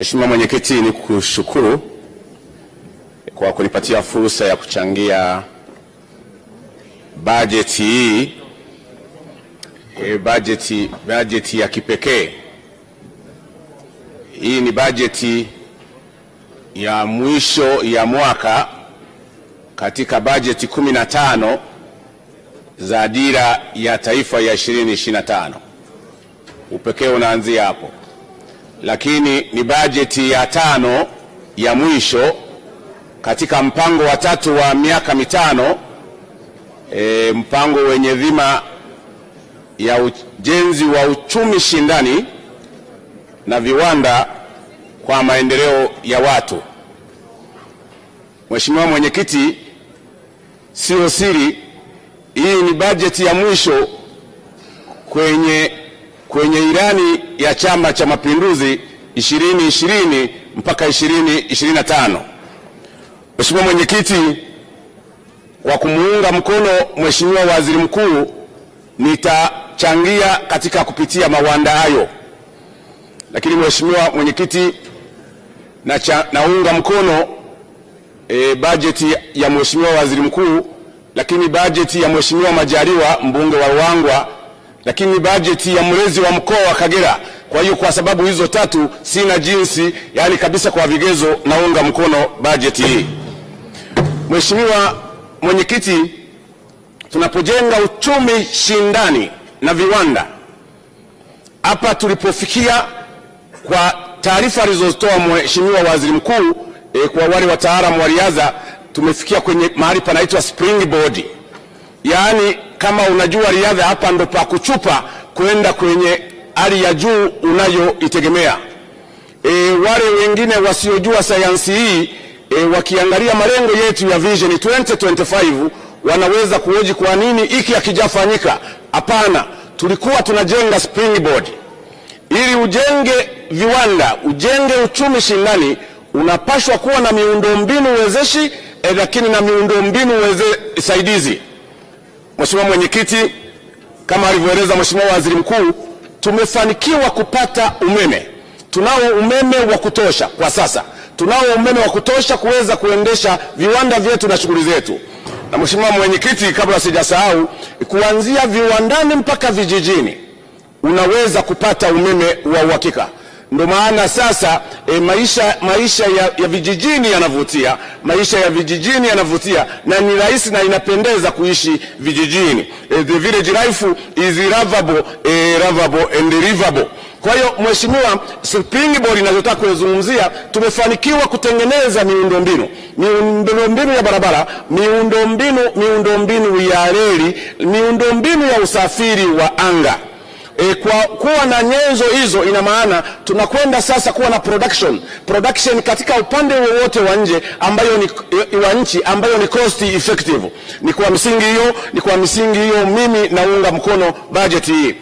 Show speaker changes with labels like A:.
A: Mheshimiwa Mwenyekiti, ni kushukuru kwa kunipatia fursa ya kuchangia bajeti hii e, bajeti, bajeti ya kipekee hii. Ni bajeti ya mwisho ya mwaka katika bajeti 15 za Dira ya Taifa ya 2025. Upekee unaanzia hapo lakini ni bajeti ya tano ya mwisho katika mpango wa tatu wa miaka mitano e, mpango wenye dhima ya ujenzi wa uchumi shindani na viwanda kwa maendeleo ya watu. Mheshimiwa Mwenyekiti, sio siri, hii ni bajeti ya mwisho kwenye kwenye ilani ya Chama cha Mapinduzi 2020 mpaka 2025. Mheshimiwa Mwenyekiti, kwa kumuunga mkono Mheshimiwa Waziri Mkuu, nitachangia katika kupitia mawanda hayo, lakini Mheshimiwa Mwenyekiti, na naunga mkono e, bajeti ya Mheshimiwa Waziri Mkuu, lakini bajeti ya Mheshimiwa Majaliwa mbunge wa Ruangwa lakini ni bajeti ya mlezi wa mkoa wa Kagera. Kwa hiyo kwa sababu hizo tatu sina jinsi, yani kabisa kwa vigezo naunga mkono bajeti hii. Mheshimiwa Mwenyekiti, tunapojenga uchumi shindani na viwanda, hapa tulipofikia kwa taarifa alizotoa Mheshimiwa Waziri Mkuu e, kwa wale wataalamu wa riadha tumefikia kwenye mahali panaitwa springboard, yaani kama unajua riadha, hapa ndo pa kuchupa kwenda kwenye hali ya juu unayoitegemea. E, wale wengine wasiojua sayansi hii e, wakiangalia malengo yetu ya Vision 2025 wanaweza kuoji kwa nini hiki hakijafanyika. Hapana, tulikuwa tunajenga springboard ili ujenge viwanda, ujenge uchumi shindani, unapashwa kuwa na miundombinu wezeshi eh, lakini na miundombinu weze saidizi. Mheshimiwa Mwenyekiti, kama alivyoeleza Mheshimiwa Waziri Mkuu, tumefanikiwa kupata umeme. Tunao umeme wa kutosha kwa sasa, tunao umeme wa kutosha kuweza kuendesha viwanda vyetu na shughuli zetu. Na Mheshimiwa Mwenyekiti, kabla sijasahau, kuanzia viwandani mpaka vijijini unaweza kupata umeme wa uhakika ndo maana sasa e, maisha, maisha ya, ya vijijini yanavutia, maisha ya vijijini yanavutia na ni rahisi na inapendeza kuishi vijijini. E, the village life is lovable, e, lovable and livable. Kwa hiyo mheshimiwa, springboard inazotaka kuzungumzia, tumefanikiwa kutengeneza miundombinu, miundombinu ya barabara, miundombinu miundombinu ya reli, miundombinu ya usafiri wa anga E, kwa kuwa na nyenzo hizo ina maana tunakwenda sasa kuwa na production production katika upande wowote wa nje ambayo ni wa nchi ambayo ni cost effective. Ni kwa msingi hiyo, ni kwa msingi hiyo mimi naunga mkono bajeti hii.